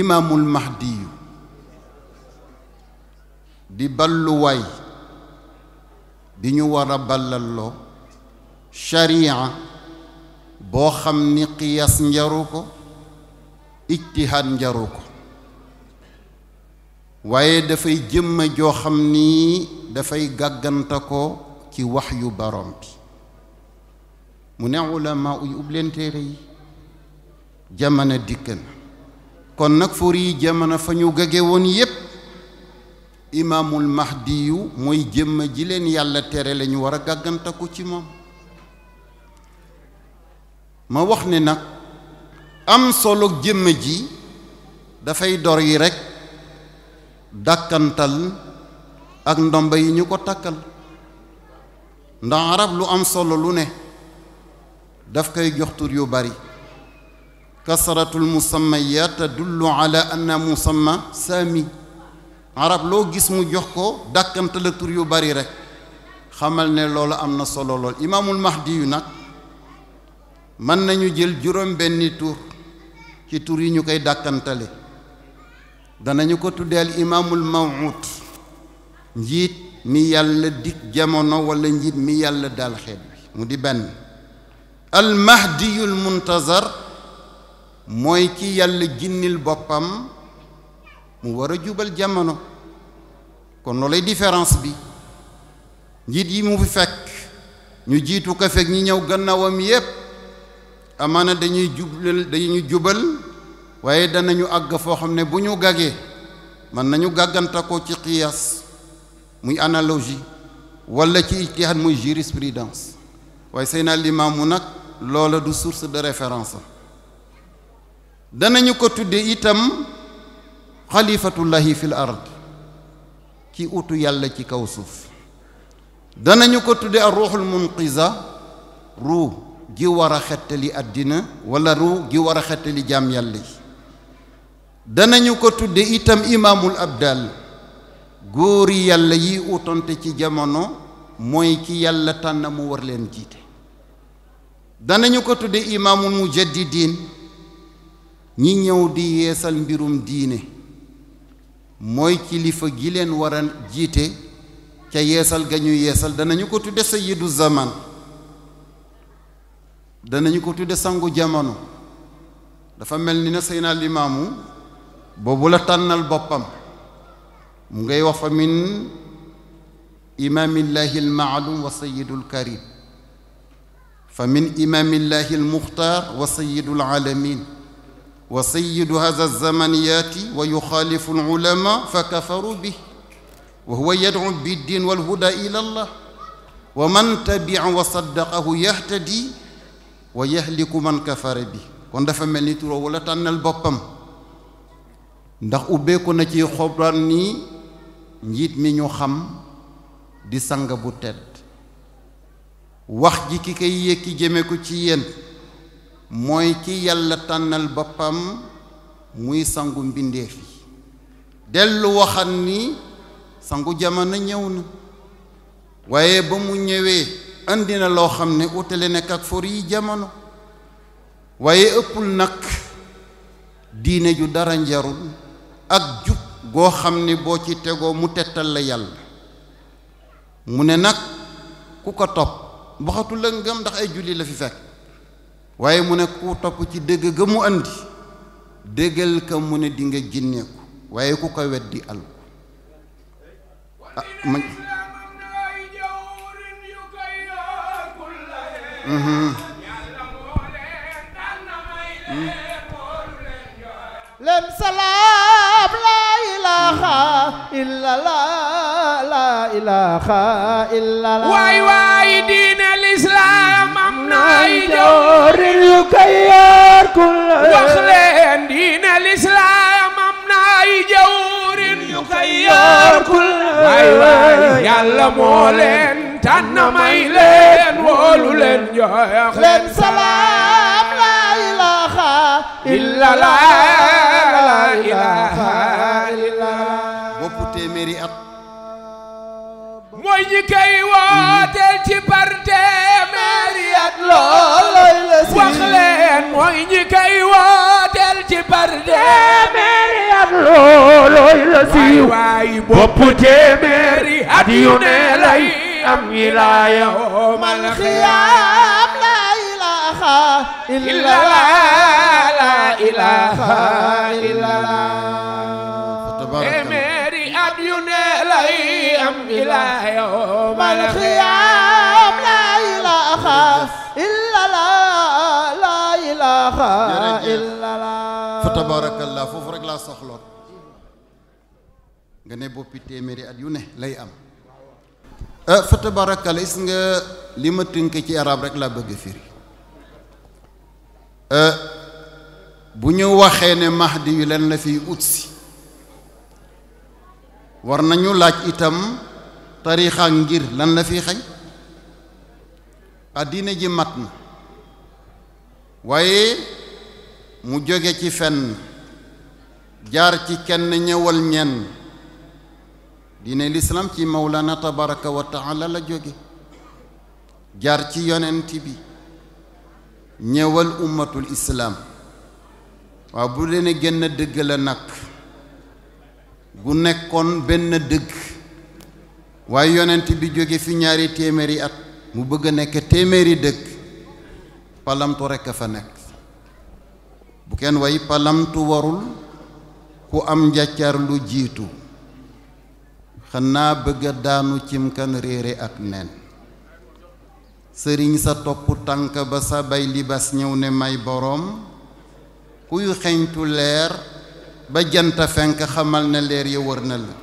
imaamul mahdiyu di balluwaay bi ñu war a ballalloo sharia boo xam ni qiyaas njaru ko ijtihaad njaru ko waaye dafay jëmma joo xam ni dafay gàgganta ko ci wax barom bi mu ne ulamaa yi ub yi jamono dikk kon nag fóor yi jamono fa ñu gage woon yépp imaamul mahdi yu mooy jëmm ji leen yàlla tere lañu war a gàggantaku ci moom ma wax ne nag am solo jëmm ji dafay dor yi rekk dàkkantal ak ndomba yi ñu ko takkal ndax arab lu am solo lu ne daf koy jox tur yu bari كسرة المسميات تدل على أن مسمى سامي عرب لو جسم يحكو دكن تلتر يباري رك خمال نلول أمنا صلو لول إمام المهدي نك من نيو جيل جرم بني تور كي توري نيو كي دكن تلي دانا نيو كتو ديال إمام الموعود نجيت ميال يال ديك جامونا ولا نجيت مي يال خير مودي المهدي المنتظر mooy ki yàlla jinnil boppam mu war a jubal jamono kon loolay différence bi njiit yi mu fi fekk ñu jiitu ko fekk ñi ñëw gannaawam yépp amaana dañuy jublal dañuy jubal waaye danañu àgg foo xam ne bu ñu gagee mën nañu gàggante ko ci qiyaas muy analogie walla ci ijtihaad muy jurisprudence waaye seen limaam mu nag loola du source de référence danañu ko tudde itam xalifatullahi fil ard ci utu yàlla ci kaw suuf danañu ko tudde ak ruuxul munqiza ruu ji war a xettali àddina wala ruu ji war a xettali jaam yàlla yi danañu ko tudde itam imaamul abdal góori yàlla yi utante ci jamono mooy ki yàlla tànn mu war leen jiite danañu ko tudde imaamul mujaddidin ñi ñëw di yeesal mbirum diine mooy kilifa gi len waran jité ca yeesal ga ñu yeesal danañu ko tudde sayyidu zaman danañu ko tudde sangu jamono dafa mel ni na seyna limaamu boobu la tanal bopam mu ngay wax fa min al ma'lum wa sayyidul karim fa min al mukhtar wa sayyidul alamin وسيد هذا الزمن ياتي ويخالف العلماء فكفروا به وهو يدعو بالدين والهدى الى الله ومن تبع وصدقه يهتدي ويهلك من كفر به كون دا فا ملني تورو ولا تانل بوبام نده اوبيكو نتي خبران ني نيت مي ньо خام دي سانغ بو تيت واخ جي كي كاي ييكي جيمي كو تي يين mooy ci yàlla tànnal boppam muy sangu mbindeef yi dellu waxan ni sangu jamono ñëw na waaye ba mu ñëwee indi na loo xam ne utale nekk ak for yi jamono waaye ëppul nag diine ju dara njarul ak jub goo xam ne boo ci tegoo mu tettal la yàlla mu ne nag ku ko topp waxatu lëngëm ndax ay julli la fi fekk waaye mu ne ku ci dëgg ga mu andi dëggal ka mu ne di nga waaye ku ko wet di alku ah, mhm. leen salaam la ilaha illa la la ilaha illa di nay joorin yu kayar kulla wax leen diina lislaam am nay joorin yu kayar kulla ay waay yàlla moo leen tànn may leen wóolu leen jox leen salaam la ilaha illa la ilaha illa boppu téeméeri at mooy ñi koy wooteel ci parte loolay la si wax leen mooy ñi kay wooteel ci par téeméeri at loolay la si waay bopp téeméeri at yu ne lay am yi laaya mal xiyaam la ilaha illa la ilaha illa la fa tabarakallah foofu rek laa soxloon nga ne boppi téeméeri at yu ne lay am eh, fa tabarakallah is nga li ma tënk ci arab rek laa bëgg a firi eh, bu ñu waxee ne mahdi yu leen la fiy utsi war nañu laaj itam tarixa ngir lan la fiy xañ addina ji mat na waaye mu jóge ci fenn jaar ci kenn ñëwal ñenn diine lislaam ci mawlana tabaraka wa taala la jóge jaar ci yonent bi ñëwal ummatul islaam waaw bu leen genn dëgg la nag gu nekkoon benn dëgg waaye yonent bi jóge fi ñaari téeméeri at mu bëgg a nekk téeméeri dëkk palamtu rekk a fa nekk bu kenn way palamtu warul ku am njàccar lu jiitu xanaa bëgga daanu kan réere ak nen sëriñ sa topp tànk ba sa bay libas ñëw ne may boroom kuy xeñtu leer ba janta fenk xamal na leer ya wër na la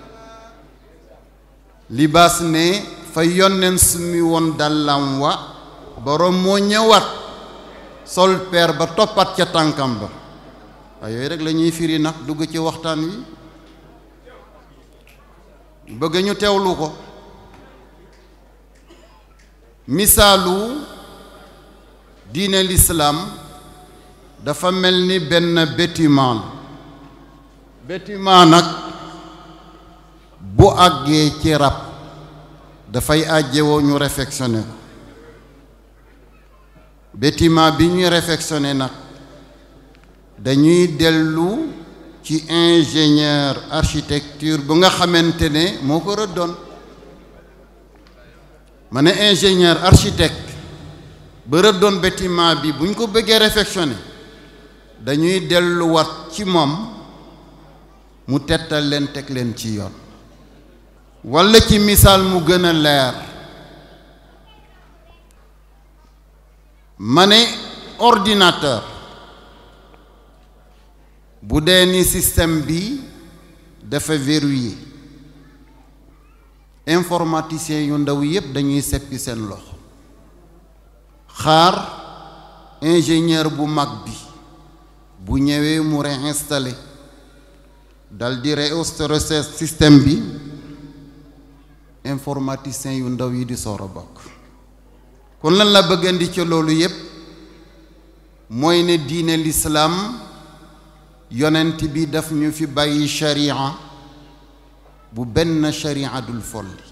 libaas ne fa yonnen sumi woon dàllam wa boroom moo ñëwaat sol ba toppaat ca tànkam ba waaye yooyu rek la ñuy firi nag dugg ci waxtaan wi bëgg ñu teewlu ko misaalu diine lislaam dafa mel ni benn bâtiment la nag bu àggee ci rab dafay àjjewoo ñu réfectionné ko bâtiment bi ñu réfectionné nak dañuy dellu ci ingénieur architecture bu nga xamantene moko moo mané ingénieur architecte ba rëddoon bâtiment bi buñ ko bëggé réfectionné dañuy wat ci mom mu tétal len tek len ci yoon wala ci misal mu gëna lèr ma ne ordinateur bu dee ni système bi dafa yi informaticien yu ndaw yépp dañuy seppi seen loxo xaar ingénieur bu mag bi bu ñëwee mu réinstallé dal di réinstallé système bi informaticien yu ndaw yi di soor a bokk kon lan la bëgg indi ci loolu yépp moy ne diine l'islam yonent bi daf ñu fi bàyyi sharia bu ben sharia dul folli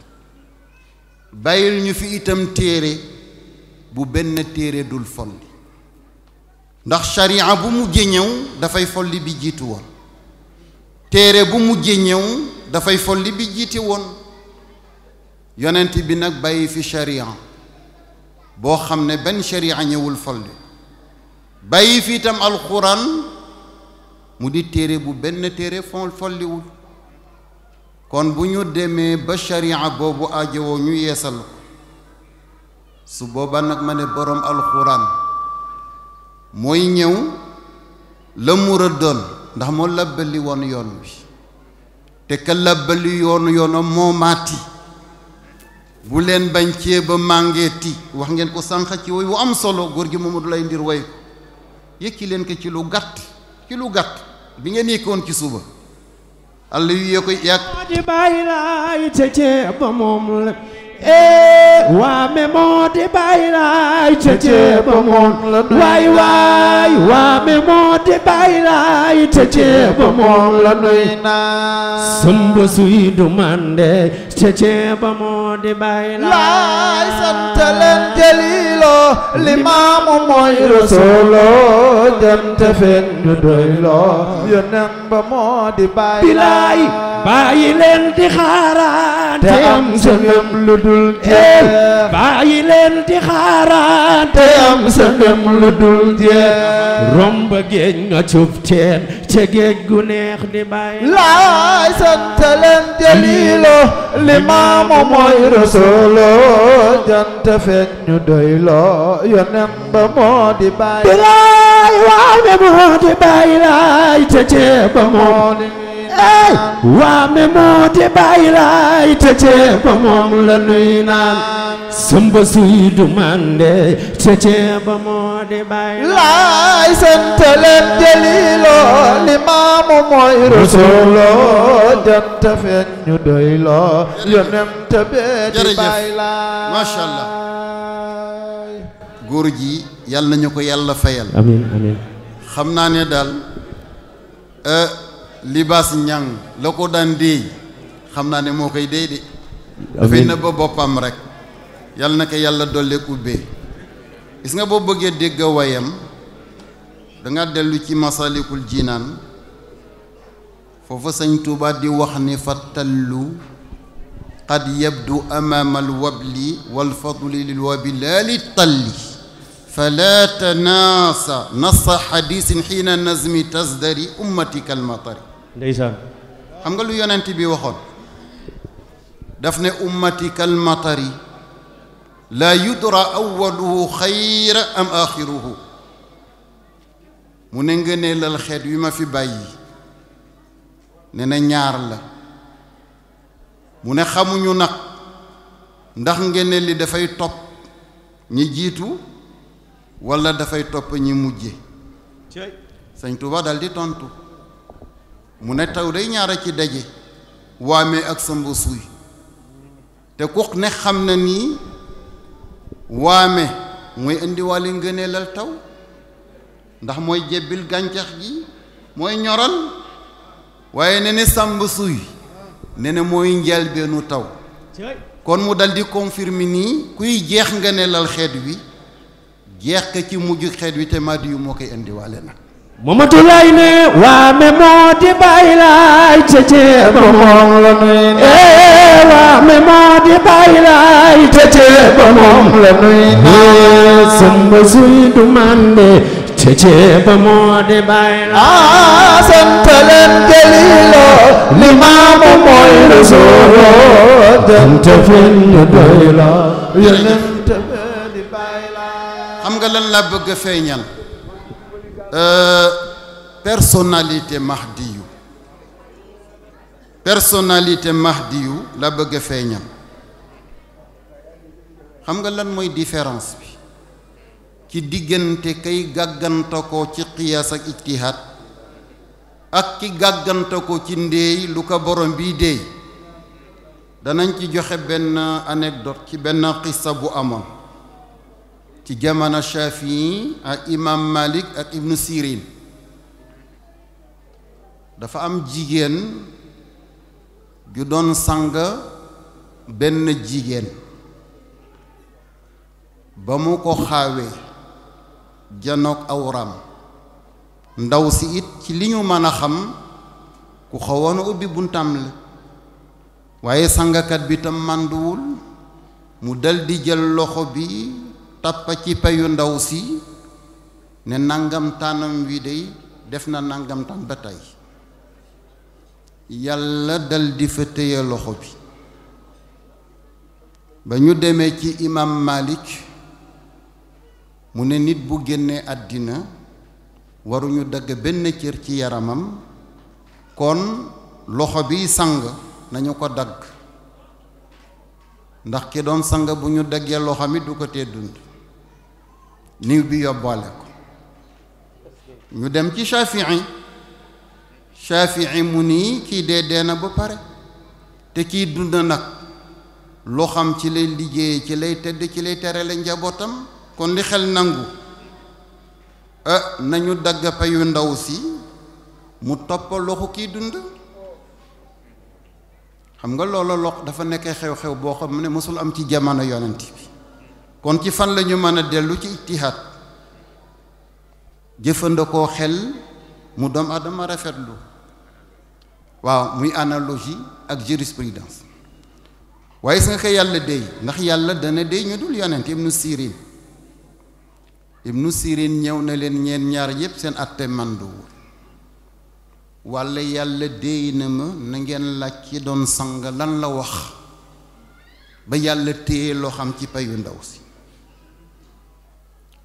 bayil ñu fi itam téré bu ben téré dul folli ndax sharia bu mu mujj ñëw dafay folli bi jitu won téré bu mu mujj ñëw dafay folli bi jiti won yonent bi nak bàyyi fi sharia boo xam ne benn sharia ñëwul folli bàyyi fi itam alxuraan mu di téere bu benn téere fol folliwul kon bu ñu demee ba sharia boobu ajowoo ñu yeesal ko su booba nag ma ne boroom alxuraan mooy ñëw la mu rëddoon ndax moo labbali woon yoon wi te ka labbali yoonu yoonam moo maati bu leen bañ cee ba màngeeti wax ngeen ko sànq ci woy wu am solo góor gi Mamadou Lay Ndir woy ko yëkki leen ko ci lu gàtt ci lu gàtt bi ngeen yëkkoon ci suba àll yu yee koy yàq di la Eh, waame moo di bàyyi laay cece ba moon la nuy naa sumbu suy du mande cece ba moo di bàyyi laay sant leen jëlilo limaamu mooy rasoolo dem te fen ñu doylo yonen ba moo di di xaaraat te am sa ngëm lu du dul jeex bàyyi leen di xaaraan te am sa dem lu dul jeex romb géej nga cub teen ca géej gu neex di bàyyi laay sant leen li maamu mooy rasooloo jant ñu doyloo yonem ba moo di bàyyi laay waame moo di te ceeba moo di waame moo te te ceeba moom la nuy naan sëmba suy du te ceeba moo te bàyyi laay sente li maamu mooy rasuloo jant feeñ ñu doyloo yonem te bee di bàyyi laay góor ji yal nañu ko yàlla fayal amiin amiin xam naa ne daal euh, libaas ñang la ko daan déey xam naa ne moo koy déy de dafay na ba boppam rek yàlla na ko yàlla dolli ubbee gis nga boo bëggee dégg wayam danga dellu ci masalikul jinaan foofa sëñ Tuuba di wax ni fa tallu qad yabdu amaama alwabli walfadli lilwabilaali talli fala tanaasa nasa xadiisin xiina nazmi tasdari ummatika almatari ndeysaan xam nga lu yonent bi waxon daf ne ummati kal matari la yudra awwaluhu khayra am akhiruhu mu ne ne lal xet wi ma fi bàyyi ne na ñaar la mu ne xamuñu nak ndax ngëneel li da fay top ñi jitu wala da fay top ñi mujje sëñ touba dal di tontu mu ne taw day ñaara ci daje waame ak samba suuy te ku ne xam na nii waame mooy indiwaale ngëneelal taw ndax mooy jebbil gàncax gi mooy ñoral waaye ne ne sàmb ne ne mooy njëlbeenu taw kon mu dal di confirmer nii kuy jeex ngëneelal xeet wi jeex ka ci mujj xeet wi te maadi yu moo koy indiwaale nag Mamadu Laay ne waa me moo di Baay Laay moom la nuy ne eh, waa me moo di Baay Laay moom la nuy ne eh, samba suy du mande ca Ceeba moo di Baay Laay ah, sant leen Jaliilo li maamu mooy Rasuulu dem te fen ñu doy la yeneen te di Baay Laay lan la bëgg feeñal Euh, personnalité Mahdi yu personnalité la bëgg a feeñal xam nga lan mooy différence bi ci diggante kay gàggante ko ci qiyaas ak ijtihaad ak ki gàggante ko ci ndéey lu ko borom bii déey danañ ci joxe benn anecdote ci benn xissa bu amoon ci jamono Shafii ak imam Malik ak ibnu Sirin dafa am jigéen ju doon sang benn jigéen ba mu ko xaawee janook awram ndaw si it ci li ñu mën a xam ku xawoon a ubbi buntam la waaye sangkat bi tam mànduwul mu daldi jël loxo bi tappa ci payu ndaw si ne nangam tànnam wi dey def na nangam ba tey yàlla dal di fa téye loxo bi ba ñu demee ci imam Malik mu ne nit bu génnee àddina waruñu dagg benn cër ci yaramam kon loxo bi sang nañu ko dagg ndax ki doon sang bu ñu daggee loxo mi du ko tee dund niw bi yóbbaale ko ñu dem ci Shafii Shafii mu nii kii dee dee na ba pare te kii dund nag loo xam ci lay liggéeye ci lay tedd ci lay terale njabootam kon li xel nangu eh, nañu dagg payu ndaw si mu toppal loxo kii dund xam nga loola lox dafa nekk xew-xew boo xam ne mësul am ci jamono yonent bi kon ci fan lañu mëna mën dellu ci ittihad jëfëndako xel mu dom adama rafetlu waaw muy analogie ak jurisprudence waaye su xey yàlla dey ndax yàlla dana dey ñu dul yonent ibn sirin ibn sirin ñëw na len ñeen ñaar yépp seen atte mandu walla yàlla dey na ma na ngeen laaj ci doon sang lan la wax ba yàlla téye lo xam ci payu ndaw si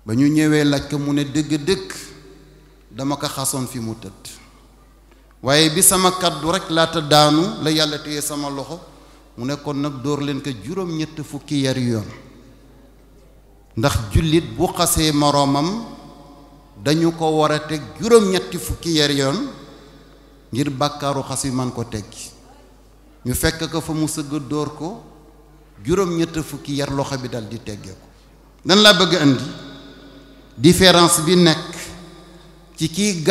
ba ñu ñëwee laaj ko mu ne dëgg dëkk dama ko xasoon fi mu tëdd waaye bi sama kàddu rekk laata daanu la yàlla téye sama loxo mu ne kon nag dóor leen ko juróom ñett fukki yar yoon ndax jullit bu xasee moroomam dañu ko war a teg juróom-ñetti yar yoon ngir bàkkaaru xas yi man ko teggi ñu fekk ko fa mu sëgg dóor ko juróom-ñett fukki yar loxo bi dal di teggee ko dan laa bëgg andi différence bi qui ci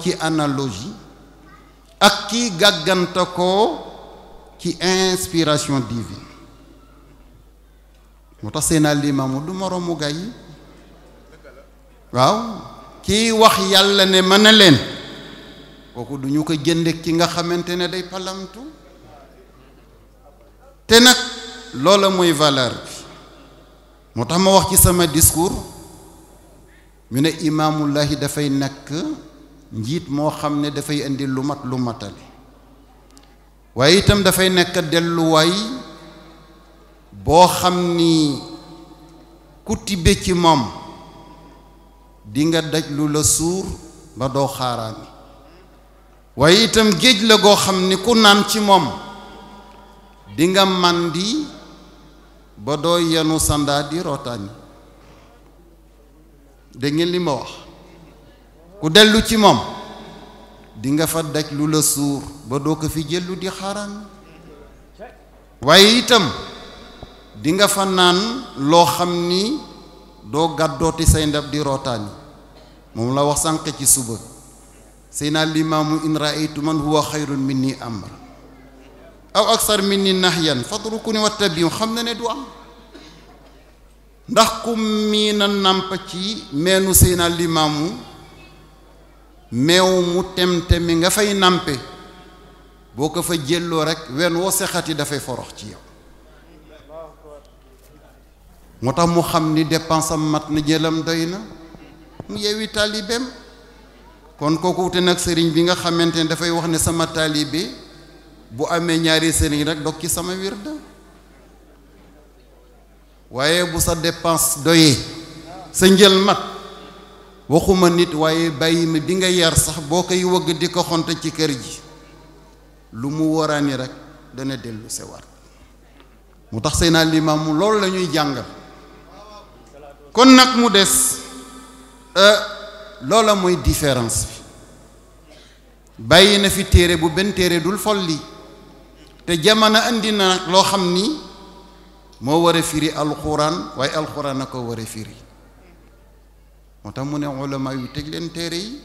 ki analogie ak ki gàggante inspiration divine Je tax dit que du moroomu gay yi ki wax ne manalen duñu ko jende ki nga day valeur ma wax ci discours ñu ne imaamullahi dafay nekk njiit moo xam ne dafay indi lu mat lu matal waaye itam dafay nekk delluwaay boo xam ni ku tibbe ci moom dinga nga daj lu la suur ba doo xaaraani waaye itam géej la goo xam ni ku naan ci moom di nga màndi ba doo yenu sandaa di rootaani dégg ngeen li ma wax ku delu ci mom di nga fa daj lu le sour ba do ko fi jelu di xaram waye itam di nga fa nan lo xamni do doo say ndab di mom la wax sank ci suba sayna limam in raaytu man huwa khairun minni amra aw aksar minni nahyan fadrukuni wattabi xam ne du am ndax ku mii na nàmp ci meenu Seydina Limaamu meew mu tem-temi nga fay nàmpe boo ko fa jëloo rek wenn woo sexati dafay forox ci yow moo tax mu xam ni dépense am mat na jëlam doy na mu yewi taalibeem kon kooku wute nag sëriñ bi nga xamante ne dafay wax ne sama taalibe bu amee ñaari sëriñ rek dog ci sama wirda waaye bu sa dépense doyee sa njël mat waxuma nit waaye bàyyi ma bi nga yar sax boo koy wëgg di ko xonte ci kër ji lu mu waraani rek dana dellu sewaat mu tax seen alimaamu loolu la ñuy jàngal kon nag mu des euh, loola mooy différence bi bàyyi na fi téere bu benn téere dul folli te jamono indi na nag loo xam ni mo wara firi alquran way alquran nako wara firi motam tax mu ne ulama yu tej len tere yi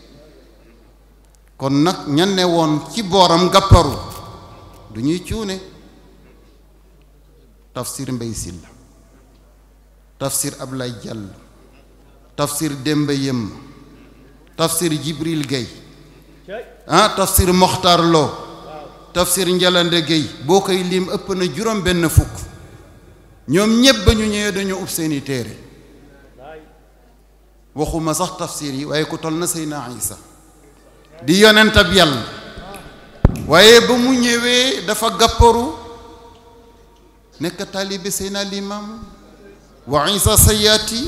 kon nak ñan ne won ci boram gàpparu du ñuy cuune tafsir mbey sil tafsir ablay jàll tafsir dembe yem tafsir jibril gay ah tafsir mukhtar lo tafsir njalande gay bokay lim ëpp na juróom ben fukk ñoom ñëpp ba ñu ñëwee dañoo ub seeni téere waxuma sax tafsir yi waaye ku toll na Seydina Isa di yonentab yàlla waaye ba mu ñëwee dafa gàpparu nekk taalibe Seydina Limaamu wa Isa sayaati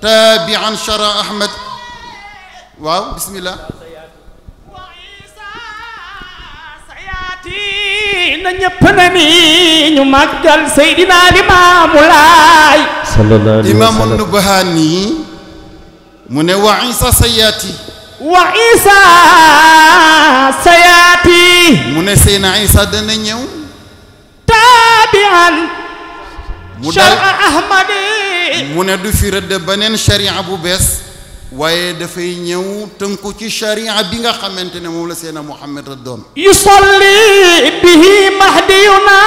taabian shara Ahmed waaw bismillah na ñëpp na ni ñu màggal Seydina Limaamu Laay sallallahu alayhi wa sallam imaamu Nubahaani mu ne wa isa sayaati wa isa sayaati mu ne na isa dana ñëw taabian mu dal ahmadi mu ne du fi rëdd beneen sharia bu bees waaye dafay ñëw tënku ci sharia bi nga xamante ne moom la seena Muhammad doon yusalli bihi mahdiyuna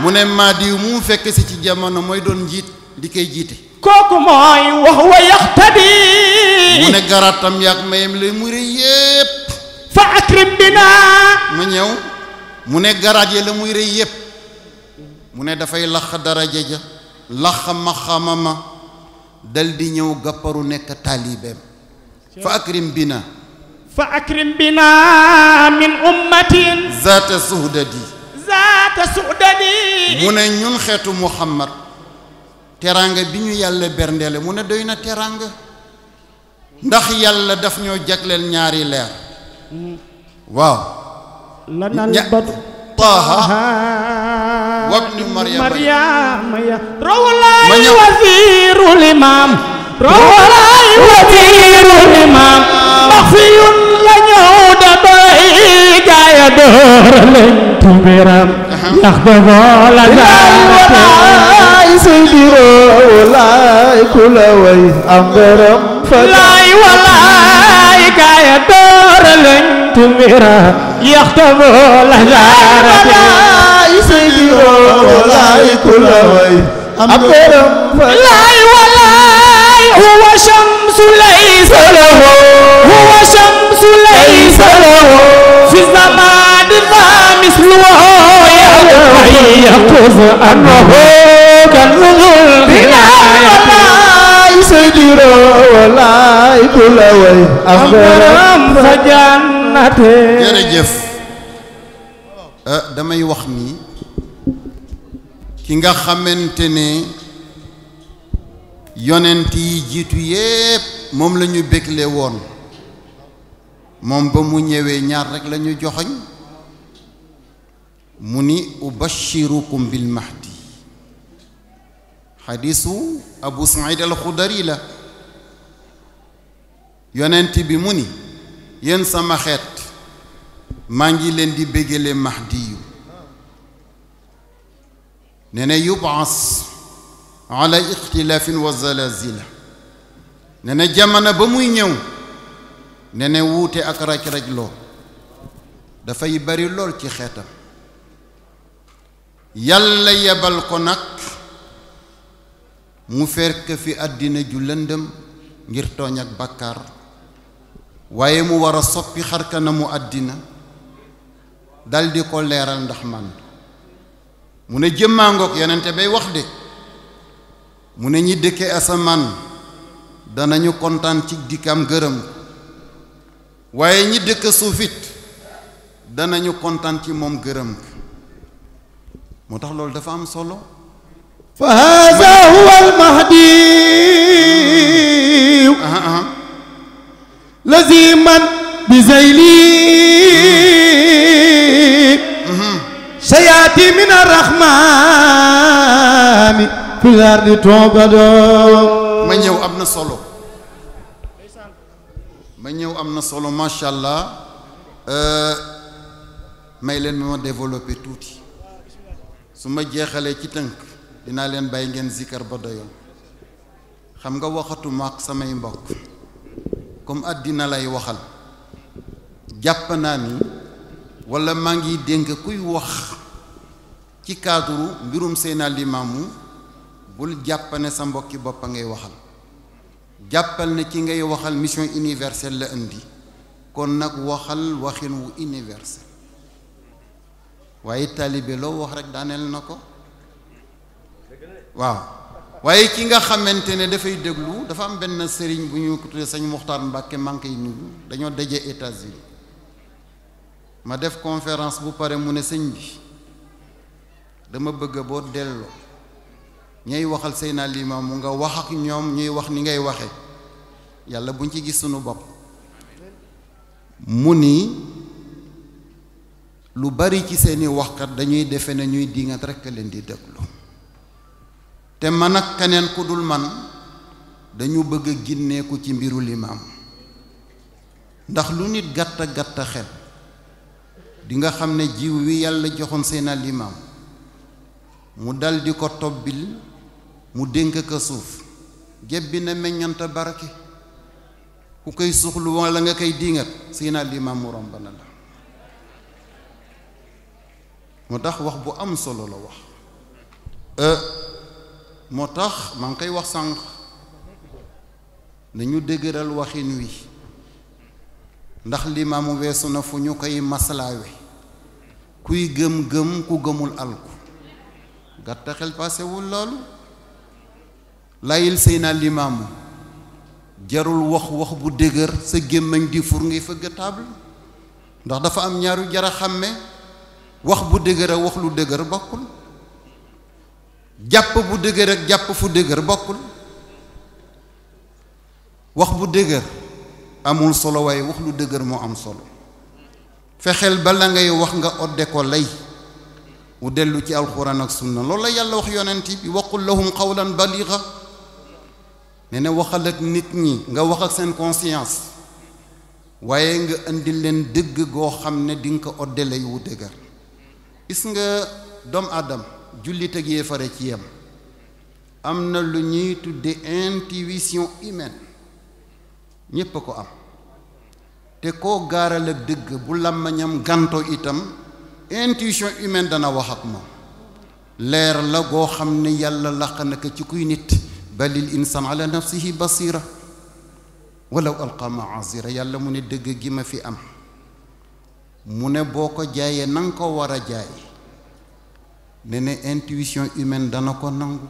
mu ne mahdiyu mu fekk si ci jamono mooy doon njiit di koy jiite kooku mooy wax wa yaxtadi mu ne garaatam yaag mayem lay mu rëy yépp fa akrim bina ma ñëw mu ne garaat ya la muy rëy yépp mu ne dafay lax daraja ja lax maxamama dal di ñëw gàpparu nekk taalibeem fa akrim bina fa akrim bina min ummatin zaata suhdadi zaata mu ne ñun xeetu muhammad teraanga bi ñu yàlla berndeele mu ne doy na teraanga ndax yàlla daf ñoo jagleel ñaari leer mm. waaw lanal taaha wabni maryama ya rawlaay wasiirul imaam rawlaay wasiirul imaam maxfiyun la ñëw da doy gaaya door lañ tubiram yax ba goola zaay seydi rawlaay ku la way am beram fa laay walaay gaaya door lañ tubiram yax ba goola zaarate سيدو ولاي كل وي أبرم فلاي ولاي هو شمس ليس له هو شمس ليس له في الزمان ما مثله يقف أنه كنز الهداية سيدو ولاي كل وي أبرم فجنته jërëjëf damay wax ni ki nga xamante ne yonent yi jiitu yépp moom la ñu bégle woon moom ba mu ñëwee ñaar rekk la ñu joxoñ mu ni ubashirukum bil mahdi xadiisu abu saïd al xudari la yonent bi mu ni yéen sama xeet mangi len di begele mahdi nee na yubaas ala ikhtilaf wa zalazil nee jamana jamono ba muy ñëw nee wute ak ak raj lo da fay bari lol ci xeta yàlla yabal ko nag mu ke fi adina ju lëndëm ngir tooñ ak bàkkaar waaye mu wara soppi xarkana mu adina dal di ko leral ndax man mune ne jëmmaangoog yenente bay wax de mu ne ñi dëkke asamaan danañu contane ci dikam gërëm waye ñi dëkk suufit danañu contane ci mom gërëm motax tax dafa am solo fa hada huwa almahdi lazi man bi zayli يأتي من ma ñëw am na solo ma ñëw am na solo macha allah euh, may leen ma développé tuuti su ma jeexalee ci tënk dinaa leen bàyyi ngeen zikkar ba doyoon xam nga waxatuma ak samay mbokk comme àddina lay waxal jàpp naa ni walla maa ngi dénk kuy wax ci cadre mbirum Seydina Limaamu bul jàpp ne sa mbokki bopp ngay waxal jàppal ne ci ngay waxal mission universelle la indi kon nag waxal waxin wu universel waaye taalibe loo wax rek daaneel na ko waaw waaye ki nga xamante ne dafay déglu dafa am benn sëriñ bu ñu tuddee sëñ Muxtaar Mbàkke manqué yi nuyu dañoo daje États-Unis ma def conférence bu pare mu ne sëñ bi dama bëgg bo nyai ñay waxal sayna limam mu nga wax ak ñom ñuy wax ni ngay waxe yalla buñ ci gis suñu bop muni lu bari ci seeni kat dañuy defé ne ñuy dingat rek leen di deglu té man ak kenen ku dul man dañu bëgg ginné ci mbiru limam ndax lu nit gatta gatta xel di nga jiw wi yalla joxon seen limam mu dal di ko tobbil mu dénk ko suuf jebbi na meññanta barke ku koy suxlu la nga koy diingat siy naa limaam mu romb na la moo tax wax bu am solo la wax euh, moo tax maa ngi koy wax sànq nañu dëgëral waxin wi ndax limaamu weesu na fu ñu koy maslaawe kuy gëm-gëm ku gëmul alku gàtta xel paasewul loolu layil sëy naa limaamu jarul wax wax bu dëgër sa gémmañ di fur ngay fëgg table ndax dafa am ñaaru a xàmme wax bu dëgër ak wax lu dëgër bokkul jàpp bu dëgër ak jàpp fu dëgër bokkul wax bu dëgër amul solo waaye wax lu dëgër moo am solo fexeel bala ngay wax nga odde ko lay wu dellu ci alquran ak sunna loolu la yàlla wax yonent bi waqul lahum qawlan baliga ne na waxal ak nit ñi nga wax ak seen conscience waaye nga indi leen dëgg goo xam ne dinga nga ko oddelay wu dëgër gis nga doomu aadam jullit ak yéefare ci yem am na lu ñuy tudde intuition humaine ñépp a ko am te koo gaaral ak dëgg bu làmmañam gànto itam intuition humaine dana wax ak moom leer la go xamne yàlla laq na ci kuy nit balil insan ala nafsihi basira walaw alqa maazira yàlla mu ne dëgg gi ma fi am mu ne boo ko jaayee ko wara a jaay ne ne intuition humaine dana ko nangu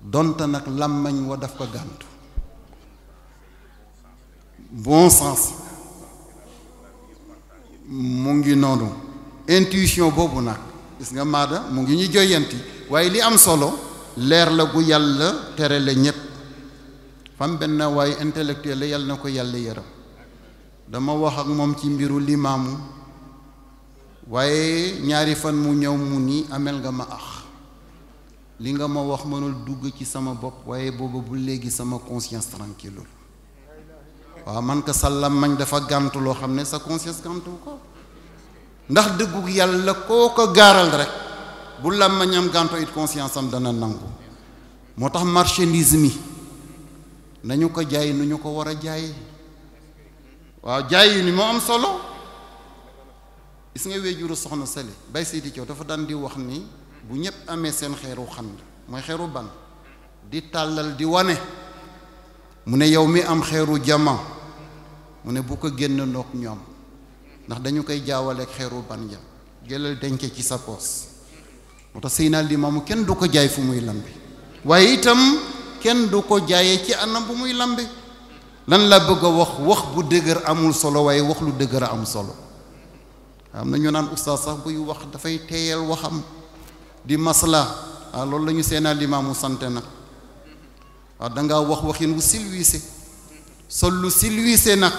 donta nak lamagn wa daf ko gàntu bon sens mu ngi noonu intuition boobu nag gis nga maada mu ngi ñu joyanti waaye li am solo leer la gu yàlla tere la ñépp fam benn waaye intellectuel la yàlla na ko yàlla yaram dama wax ak moom ci mbiru limaamu waaye ñaari fan mu ñëw mu ni amel nga ma ax li nga ma wax mënul dugg ci sama bopp waaye booba bu léegi sama conscience tranquille waaw man ko sàllam mañ dafa gàntu loo xam ne sa conscience gàntu ko ndax dëggu yàlla koo ko gaaral rek bu làmmañam gànto it conscience am dana nangu moo tax marchandise mi nañu ko jaay nu ñu ko war a jaay waaw jaay ni moo am solo gis nga wéejuru soxna sali bay siiti coow dafa daan di wax ni bu ñëpp amee seen xeeru xam mooy xeeru ban di tàllal di wane mu ne yow mi am xeeru jama mu ne bu ko génn noog ñoom ndax dañu koy jaawaleeg xeeru ban ja jëlal denc ci sa poos moo tax sëy naa limaamu kenn du ko jaay fu muy lambi waaye itam kenn du ko jaayee ci anam bu muy lambi lan la bëgg a wax wax bu dëgër amul solo waaye wax lu dëgër a am solo am na ñu naan oustaz sax buy wax dafay teeyal waxam di masla ah loolu lañu ñu seenaa limaamu sante na waaw ah, danga wax waxin wu silwiise sol lu silwise nag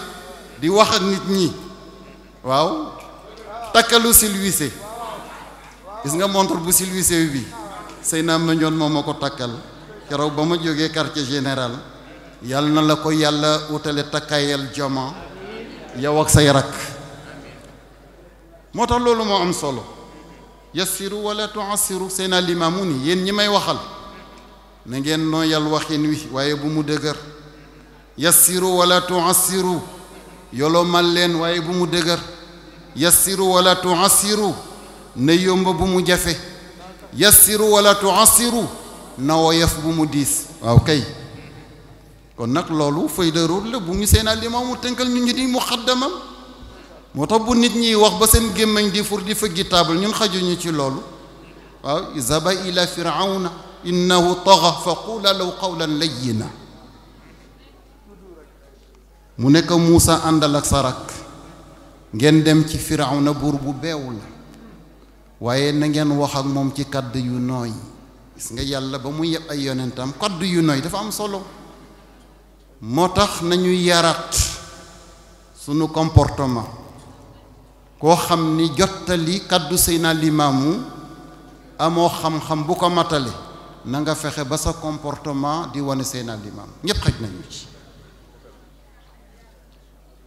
di wax ak nit ñi waaw takkalu silwise gis nga montre bu silwise bi sëy naa ma njoon moo ma ko takkal keroog ba ma jógee quartier général yàlla na la ko yàlla wutale takkayal joma yow ak say rakk moo tax loolu moo am solo yassiru wala tu'assiru sëy naa limaamu ni yéen ñi may waxal na ngeen nooyal waxin wi waaye bu mu dëgër yassiru wala tuassiru yolomal leen waaye bu mu dëgër yassiru wala tuassiru na yomb bu mu jafe yassiru wala tuassiru na woyof bu mu diis waaw kay kon nag loolu feuille de route la bu ñu seen alima mu ñu ngi di muqaddamam moo bu nit ñiy wax ba seen gémmañ di fur di fëggi taabal ñun xajuñu ci loolu waaw izhaba ila firawna innahu tagha fa qula law qawlan layyina mu ne ko Muusa àndal ak sarak ngeen dem ci Firaun bur bu beewul waye na ngeen wax ak mom ci kaddu yu noy gis nga yàlla ba mu yeb ay yonentam kaddu yu noy dafa am solo motax nañu yarat sunu comportement ko xamni jotali kàddu sayna limamu amo xam-xam bu ko matale na nga fexe ba sa comportement di woné sayna limam ñep xaj nañu ci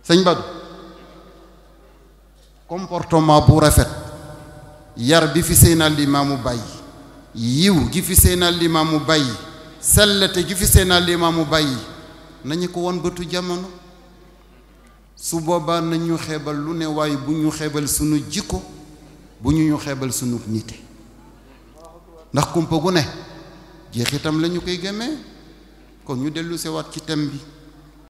sëñ Badu comportement bu rafet yar bi fi Seydina mu bàyyi yiw gi fi Seydina Limaamu bàyyi sellate gi fi Seydina Limaamu bàyyi nañu ko woon bëtu jamono su boobaa nañu xeebal lu ne waaye bu ñu xeebal sunu jikko bu ñu ñu xeebal sunu nite ndax kumpa gu ne jeexitam la ñu koy gëmee kon ñu dellu sewaat ci tem bi